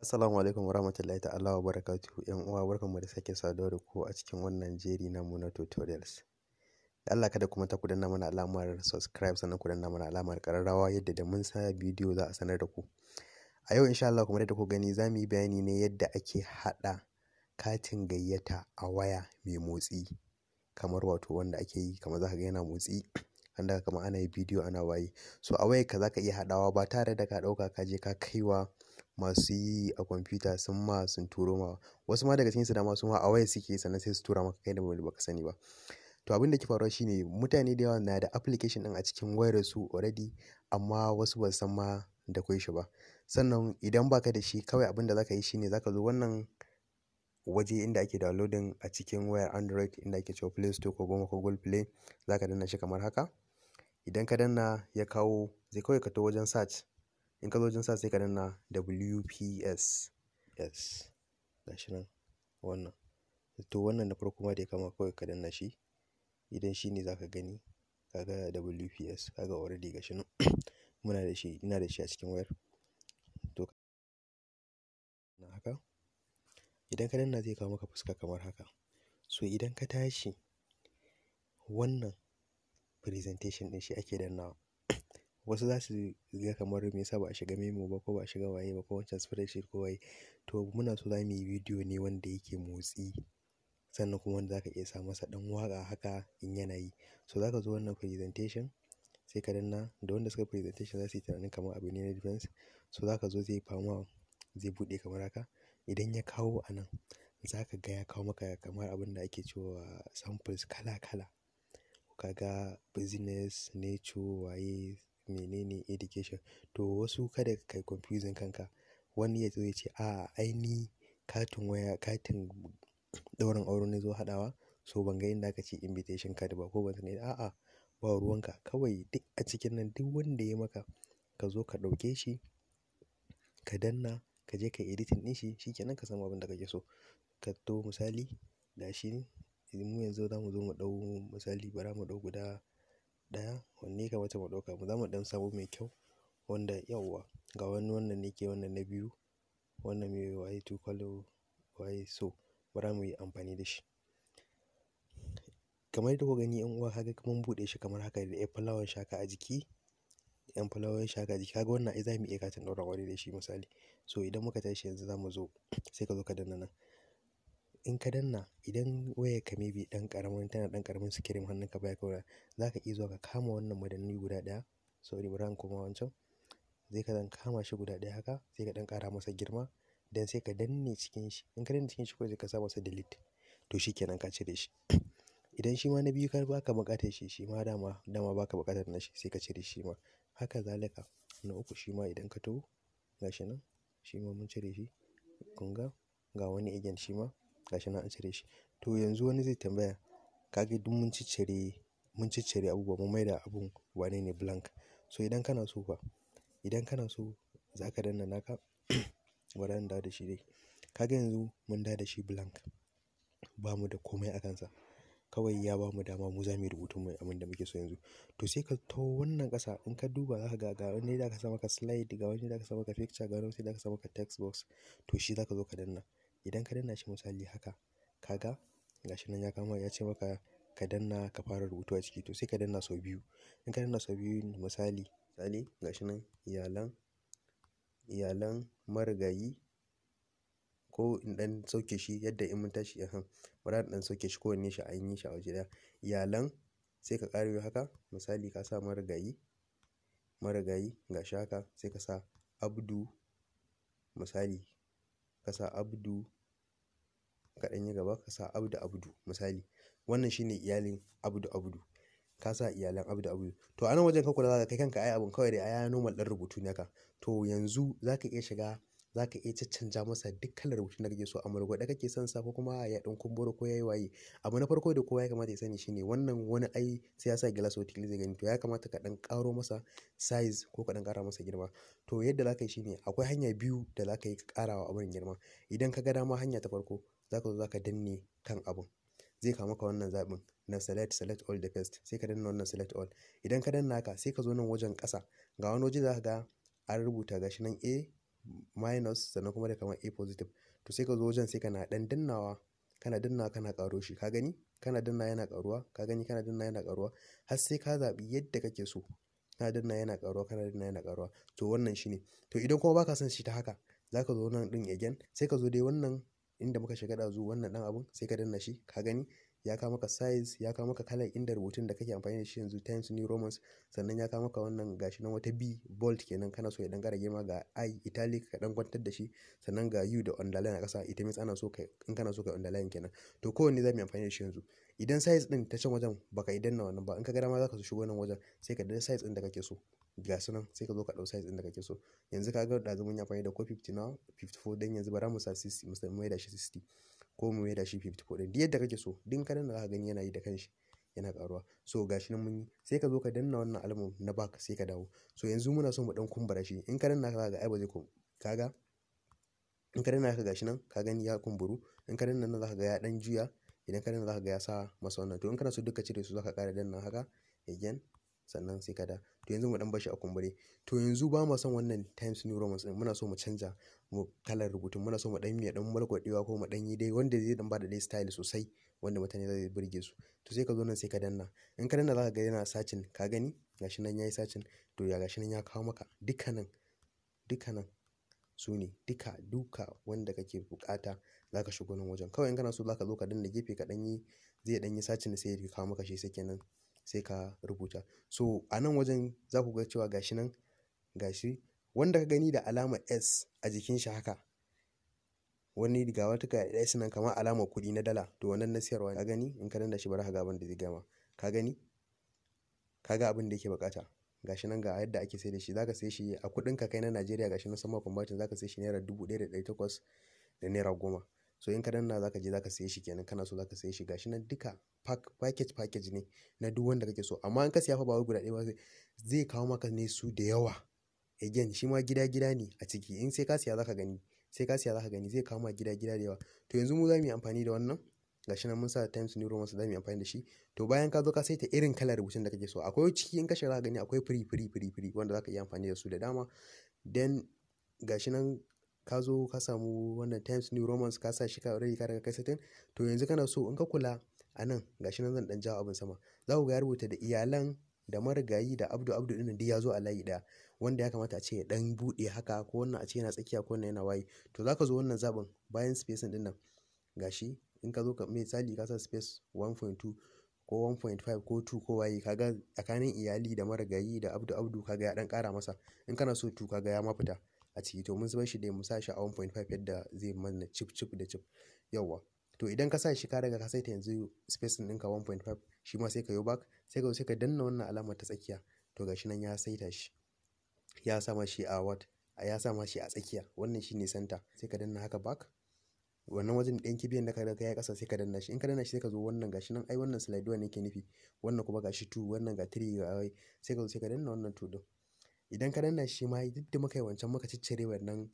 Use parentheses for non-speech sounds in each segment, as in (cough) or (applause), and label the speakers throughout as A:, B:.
A: Assalamu alaikum rahmatullahi ta'ala wa barakatuhu ƴan uwa barkanmu da sake saduwa da ku a cikin wannan jeri na mu na tutorials. Da Allah kada kuma ta ku danna mana alamar subscribe sannan ku danna mana alamar ƙararrawa yadda da mun saya bidiyo za a sanar da ku. A yau insha Allah kuma da ku gani za mu yi bayani ne yadda ake haɗa katin gayyata a waya mai motsi kamar wato wanda ake yi kamar za ka ga yana motsi an daga kamar ana yi bidiyo ana waye so a ka za ka iya haɗawa ba tare da ka ɗauka ka je ka kaiwa masu yi a kwamfuta sun ma sun turo ma. Wasu ma daga cikinsu dama su ma a waya suke sannan sai su tura maka kai da ba ka sani ba. To abin da ke faruwa shine mutane da yawa na da application din a cikin wayar su already amma wasu ba su san ma da kai shi ba. Sannan idan baka da shi kawai abin da za yi shine za zo wannan waje inda ake downloading a cikin wayar Android inda ake cewa Play Store ko ko Google Play. Za danna shi kamar haka. Idan ka danna ya kawo zai kawai ka to wajen search. in ka zo jinsa sa sai ka danna WPS yes shi nan wannan to wannan na farko ma da ya kama kawai ka danna shi idan shi ne za ka gani kaga WPS kaga already shi nan (clears throat) muna da shi ina da shi a cikin wayar to na haka idan ka danna zai kama maka fuska kamar haka so idan ka tashi wannan presentation din shi ake dannawa wasu za su ga kamar me yasa ba a shiga memo ba ko ba a shiga waye ba ko wancan spreadsheet ko waye to muna so za mu yi bidiyo ne wanda yake motsi sannan kuma wanda zaka iya sa masa ɗan waƙa haka in yana yi so zaka zo wannan presentation sai ka danna da wanda suka presentation za su yi tunanin kamar abu ne na defense so zaka zo zai fama zai buɗe kamar haka idan ya kawo a nan za ka ga ya kawo maka kamar abin da ake cewa samples kala-kala kaga business nature waye menene education. To wasu kada ka yi confusing kanka. Wani ya zo ya ce, "A'a, ai ni katin waya, katin ɗaurin aure na zo haɗawa so ban ga inda aka ce invitation card ba ko ban sani ba." A'a, ba ruwanka Kawai duk a cikin nan duk wanda ya yi maka ka zo ka ɗauke shi, ka danna, ka je ka yi editing ɗin shi, shi ke ka samu abin da kake so. Ka to misali, shi mu yanzu za mu zo mu ɗau misali bara mu ɗau guda ɗaya wanne ya kamata mu ɗauka mu zamu ɗan samu mai kyau wanda yawwa ga wani wannan ne ke wannan na biyu wannan mai waye tu kwalo waye so bara mu yi amfani da shi kamar yadda kuka gani yan uwa kaga mun buɗe shi kamar haka da 'yan fulawar shaka a jiki yan fulawan shaka a jiki kaga wannan ai za mu iya katin ɗaurin ƙwari da shi misali so idan muka tashi yanzu za mu zo sai ka zo ka danna nan in ka danna idan ka maybe ɗan ƙaramin tana ɗan ƙaramin hannun ka baya kawai za ka iya zuwa ka kama wannan madanni guda ɗaya. Sorry bari in koma wancan. Sai ka ɗan kama shi guda ɗaya haka sai ka ɗan ƙara masa girma dan sai ka danne cikin shi. In ka danne cikin shi kawai sai ka sa masa delete. To shi kenan ka cire shi. (clears throat) Idan shi ma na biyu ka ba ka buƙatar shi, shi ma dama dama ba ka buƙatar na shi sai ka cire shi ma. Haka zalika. Na uku shi ma idan ka taho ga shi nan shi ma mun cire shi. Kun ga? Ga wani agent shi ma gashi nan an cire shi to yanzu wani zai tambaya kage duk mun ciccire mun ciccire abubuwa mun maida abun wane ne blank so idan kana so fa idan kana so za ka danna naka (clears throat) bari in dawo da shi dai kaga yanzu mun dawo da shi blank ba mu da komai a kansa kawai ya ba mu dama mu za mu yi rubutun mu abin da muke so yanzu to sai ka to wannan kasa in ka duba za ka ga ga wani da ka sa maka slide ga wani da ka sa maka picture ga wani da ka sa maka text box to shi za ka zo ka danna Idan ka danna shi misali haka, ka ga gashi nan ya kama ya ce maka ka danna ka fara rubutu a ciki to sai ka danna sau biyu. In ka danna sau biyu misali, misali gashi nan iyalan, iyalan marigayi ko in ɗan sauke shi yadda in mun tashi ahan. Bara in ɗan sauke shi kowanne shi an yi shi a waje ɗaya. Iyalan sai ka ƙarayo haka misali ka sa marigayi, marigayi gashi haka sai ka sa Abdu misali ka sa Abdu ka yi gaba ka sa Abdu Abdu misali. Wannan shine iyalin Abdu Abdu. Ka sa iyalan Abdu Abdu. To a nan wajen ka kula za ka kai kanka ai abun kawai dai ai normal ɗan rubutu ne haka. To yanzu za ka iya shiga za ka iya caccanja masa duk kalar rubutun da kake so a margwaɗe kake son sa ko kuma ya ɗan kumburo ko yayi waye abu na farko da kowa ya kamata ya sani shine wannan wani ai sai ya sa gilas wata zai gani to ya kamata ka ɗan ƙaro masa size ko ka ɗan ƙara masa girma to yadda za ka yi shine akwai hanya biyu da za ka yi karawa abin girma idan ka ga dama hanya ta farko za ka zo za ka danne kan abun zai kama ka wannan zabin na select select all the first sai ka danna wannan select all idan ka danna haka sai ka zo nan wajen ƙasa ga wani waje za ka ga an rubuta gashi nan a minus sannan kuma da kamar a positive to sai ka zo wajen sai kana dan dannawa kana dannawa kana karo shi ka gani kana danna yana ƙaruwa ka gani kana danna yana ƙaruwa har sai ka zaɓi yadda kake so kana danna yana ƙaruwa kana danna yana ƙaruwa to wannan shine to idan kuma baka son shi ta haka zaka zo nan ɗin again sai ka zo dai wannan inda muka shiga ɗazu wannan dan abun sai ka danna shi ka gani ya kawo maka size ya kawo maka kalar inda rubutun da kake amfani da shi yanzu times new romans sannan ya kawo maka wannan gashi nan wata b bold kenan kana so ya dan rage ma ga i italic ka dan kwantar da shi sannan ga u da underline a kasa ita means ana so kai in kana so kai underline kenan to kowanne zai mai amfani da shi yanzu idan size din ta can wajen baka idan na wannan ba in ka ga dama zaka so shigo nan wajen sai ka da size din da kake so ga su nan sai ka zo ka dau size din da kake so yanzu ka ga da zamu yi amfani da ko 50 na 54 dan yanzu bara mu sa 60 mu mai da shi 60 ko mu mai da shi 54 ɗin yadda kake so din kanan da zaka gani yana yi da kanshi yana karuwa so gashi nan mun yi sai ka zo ka danna wannan alamun na bak sai ka dawo so yanzu muna so mu dan kumbura shi in kanan danna ka ga ai ba zai kum kaga in kanan danna ka gashi nan ka gani ya kumburu in kanan danna nan zaka ga ya dan juya idan kanan za zaka ga ya sa masa wannan to in kana so duka cire su zaka kara danna haka again sannan sai ka to yanzu mu dan bashi a kumbure to yanzu ba mu son wannan times new romans din muna so mu canza mu kalar rubutun muna so mu dan miya dan mulkwadewa ko mu dan yi dai wanda zai dan bada dai style sosai wanda mutane zai burge su to sai ka zo nan sai ka danna in ka danna zaka ga yana sacin ka gani gashi nan yayi sacin to ya gashi nan ya kawo maka dukkanin dukkanin su ne duka duka wanda kake bukata zaka shigo nan wajen kawai in kana so zaka zo ka danna gefe ka dan yi zai dan yi sacin sai ya kawo maka shi sai kenan sai ka rubuta so a nan wajen za ku ga cewa gashi nan gashi wanda ka gani da alama s a jikin shi haka wani ga wata ka s nan kamar alamar kuɗi na dala to wannan na siyarwa ka gani in ka danda shi bari ka ga abin da zai gama ka gani ka ga abin da yake bukata gashi nan ga yadda ake sai da shi zaka sai shi a kuɗin ka kai na Najeriya gashi nan sama converting zaka sai shi naira dubu ɗaya da ɗari takwas da naira goma so in ka danna zaka je zaka saye shi kenan kana so zaka saye shi gashi nan duka pack package package ne na duk wanda kake so amma in ka siya fa ba wai guda ɗaya ba zai kawo maka ne su da yawa again shi ma gida gida ne a ciki in sai ka siya zaka gani sai ka siya zaka gani zai kawo maka gida gida da yawa to yanzu mu za mu yi amfani da wannan gashi nan mun sa times new roman za mu yi amfani da shi to bayan ka zo ka saita irin kalar rubutun da kake so akwai ciki in ka shiga gani akwai free free free free wanda zaka iya amfani da su da dama then gashi nan ka zo ka samu wannan times new romans ka sa shi ka ka daga kai satin to yanzu kana so in ka kula a nan gashi nan zan dan jawo abin sama za ku ga ya rubuta da iyalan da marigayi da abdu abdu din da ya zo a layi daya wanda ya kamata a ce ya dan buɗe haka ko wannan a ce yana tsakiya ko wannan yana waye to za ka zo wannan zaben bayan spacing din nan gashi in ka zo ka misali ka sa space 1.2 ko 1.5 ko 2 ko waye kaga tsakanin iyali da marigayi da abdu abdu kaga ya dan kara masa in kana so to kaga ya ma fita a ciki to mun zubar shi dai mu sa shi a 1.5 yadda zai mana chip chip da chip yawa to idan ka sa shi ka daga ka saita yanzu spacing ɗinka 1.5 shi ma sai ka yi back sai ka sai ka danna wannan alamar ta tsakiya to gashi nan ya saita shi ya sama shi a what ya sama shi a tsakiya wannan shine center sai ka danna haka back wannan wajen ɗan kibiyan da ka ga ya kasa sai ka danna shi in ka danna shi sai ka zo wannan gashi nan ai wannan slide one yake nufi wannan kuma gashi 2 wannan ga 3 ga sai ka zo sai ka danna wannan to din idan ka danna shi ma yadda muka yi wancan muka ciccire wannan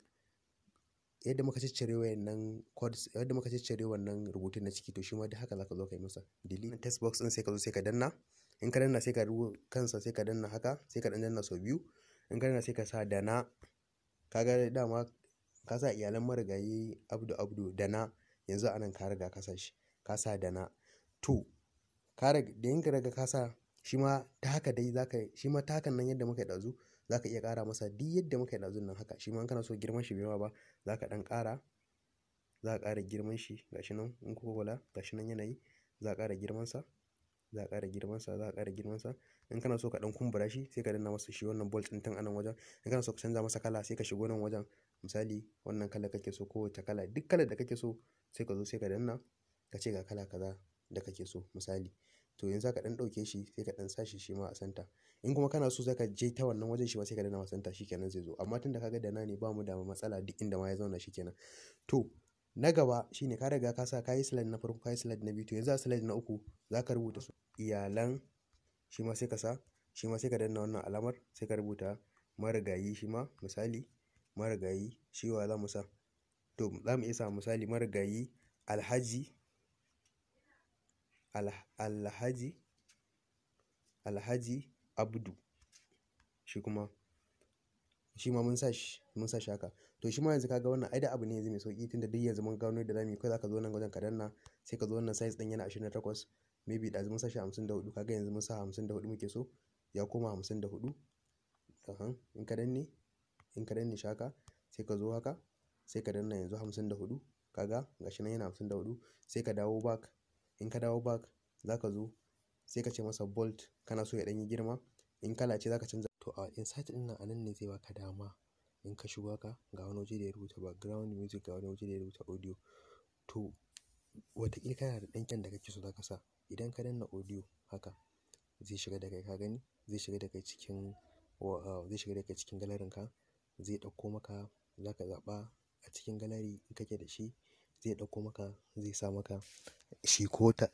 A: yadda muka ciccire wannan codes yadda muka ciccire wannan rubutun na ciki to shi ma duk haka zaka zo kai masa delete text box din sai ka zo sai ka danna in ka danna sai ka rubu kansa sai ka danna haka sai ka dan danna sau biyu in ka danna sai ka sa dana kaga dama ka sa iyalan marigayi abdu abdu dana yanzu anan ka riga ka sa shi ka sa dana to ka da yin ka riga ka sa shi ma ta haka dai zaka shi ma ta hakan nan yadda muka yi dazu zaka iya ƙara masa duk yadda muka yi ɗazun nan haka shi ma kana so girman shi bai yawa ba za ka ɗan ƙara za ka ƙara girman shi gashi nan in kuka kula gashi nan yanayi za ka ƙara girman sa za a ƙara sa, za a ƙara sa. in kana so ka ɗan kumbura shi sai ka danna masa shi wannan bolt din tan anan wajen in kana so ka canza masa kala sai ka shigo nan wajen misali wannan kala kake so ko kowace kala duk kalar da kake so sai ka zo sai ka danna ka ce ga kala kaza da kake so misali to yanzu ka ɗan ɗauke shi sai ka ɗan sa shi shi ma a santa in kuma kana so zaka je ta wannan wajen shi ma sai ka dana santa shikenan zai zo amma tunda kaga da na ne ba mu da matsala duk inda ma ya zauna kenan to na gaba shine ka riga ka sa kayi slide na farko kayi slide na biyu to yanzu a slide na uku zaka rubuta su iyalan shi ma sai ka sa shi ma sai ka danna wannan alamar sai ka rubuta marigayi shi ma misali marigayi shi wa za mu sa to za mu iya sa misali marigayi alhaji Alhaji Alhaji Abdu shi kuma shi ma mun sa shi mun sa shi haka to shi ma yanzu kaga wannan ai da abu ne yanzu mai sauki tunda duk yanzu mun gano da zamu yi kai zaka zo nan wajen ka danna sai ka zo wannan size din yana 28 maybe da mun sa shi 54 kaga yanzu mun sa 54 muke so ya koma 54 ahan in ka danne in ka danne shaka sai ka zo haka sai ka danna yanzu 54 kaga gashi nan yana 54 sai ka dawo back in ka dawo bak za ka zo sai ka ce masa bolt kana so ya ɗan yi girma in kala ce za ka canza to a insert ɗin nan anan ne zai baka dama in ka shigo haka ga wani waje da ya rubuta background music ga wani waje da ya rubuta audio to wataƙila kana da ɗan da kake so za ka sa idan ka danna audio haka zai shiga da kai ka gani zai shiga da kai cikin zai shiga da kai cikin galarin ka zai ɗauko maka za ka zaɓa a cikin galari in kake da shi zai ɗauko maka zai sa maka shi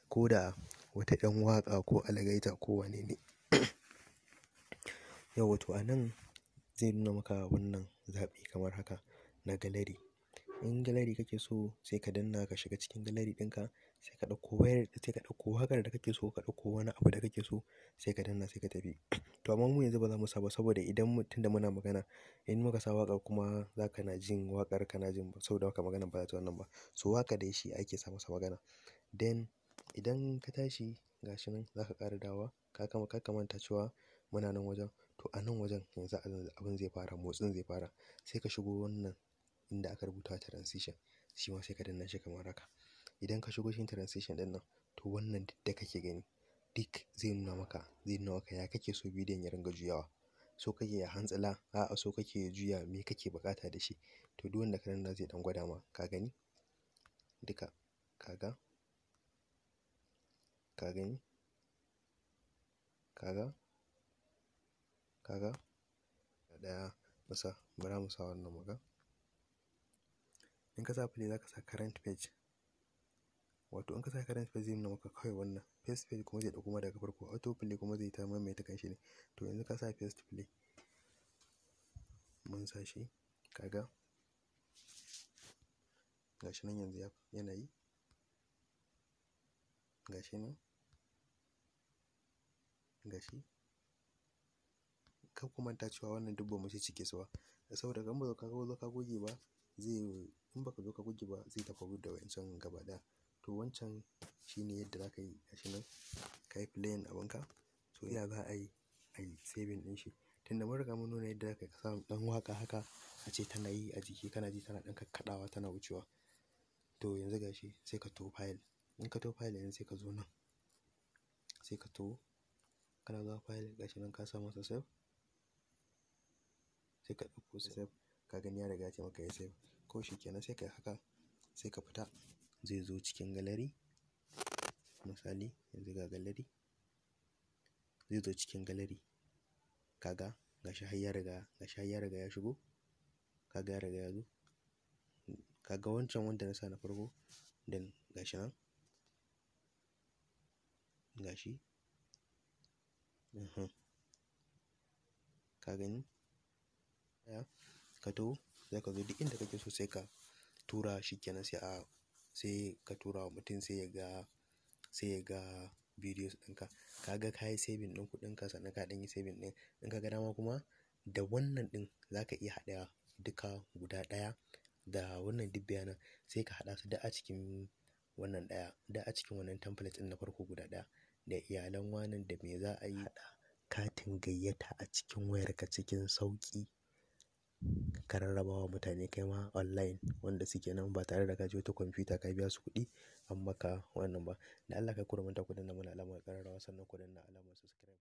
A: ko da wata 'yan waƙa ko algaita ko wane ne. Yauwa to a nan zai nuna maka wannan zaɓi kamar haka na galeri In gallery kake so sai ka danna ka shiga cikin gallery ɗinka sai ka ɗauko wayar sai ka ɗauko da kake so ka ɗauko wani abu da kake so sai ka danna sai ka tafi. (clears throat) To amma mu yanzu ba za mu saba saboda idan mu tunda muna magana in muka sa waƙa kuma za ka na jin waƙar kana jin saboda waƙa magana ba za ta wannan ba. So waƙa dai shi ake sa masa magana. Then idan ka tashi gashi nan za ka ƙara dawowa ka kama ka manta cewa muna nan wajen. To a nan wajen yanzu abin zai fara motsin zai fara sai ka shigo wannan inda aka rubuta transition shi ma sai ka danna shi kamar haka. Idan ka shigo cikin transition ɗin nan to wannan duk da kake gani duk zai nuna maka zai nuna maka ya kake so bidiyon ya ringa juyawa. So kake ya hantsila, a'a so kake ya juya me kake buƙata da shi. To duk wanda ka danna zai ɗan gwada ma ka gani duka ka ga ka gani ka ga ka ga ɗaya bara mu sa wannan magana. In ka sa play za ka sa current page. Wato in ka sa current page zai nuna maka kawai wannan. First page kuma zai ɗauko ma daga farko. Auto play kuma zai ta maimaita kanshi ne. To yanzu ka sa first play. Mun sa shi. Kaga. Gashi nan yanzu yana yi. Gashi nan. Gashi. Kar kuma ta cewa wannan dubban mace mu ciccike su ba. Saboda idan ba zo ka goge ba zai in baka zo ka goge ba zai tafi da wancan gaba da to wancan shine yadda za ka yi shi nan ka yi filayen abinka so ya za a yi a yi saving ɗin shi tunda da murga mun nuna yadda za ka sa ɗan waka haka a ce tana yi a jiki kana ji tana ɗan kakkaɗawa tana wucewa to yanzu gashi sai ka to file in ka to file yanzu sai ka zo nan sai ka to kana zuwa file gashi nan ka sa masa save sai ka ɗauko save ka gani ya riga ya ce maka ya save ko shi kenan sai ka yi haka sai ka fita zai zo cikin gallery. Misali yanzu ga gallery zai zo cikin gallery. Kaga, ga gashi har ya riga gashi har ya riga ya shigo. Kaga ya riga ya zo. kaga wancan wanda na sa na farko dan gashi nan. Gashi. Mhm. Ka gani? Ka taho. za ka zo duk inda kake so sai ka tura shi kenan sai a sai ka tura wa mutum sai ya ga sai ya ga videos ɗinka ka ga ka yi saving ɗin kuɗinka sannan ka ɗan yi saving ɗin in ka ga dama kuma da wannan ɗin za ka iya haɗa duka guda ɗaya da wannan duk bayanan sai ka haɗa su duk a cikin wannan ɗaya duk a cikin wannan template ɗin na farko guda ɗaya da iyalan wanan da me za a yi haɗa katin gayyata a cikin wayarka cikin sauƙi ka rarraba wa mutane kai ma online wanda suke nan ba tare da ka je wata kwamfuta ka biya su kuɗi an maka wannan ba. Da Allah kar ku manta ku danna mana alamar ƙararrawa sannan ku danna alamar subscribe.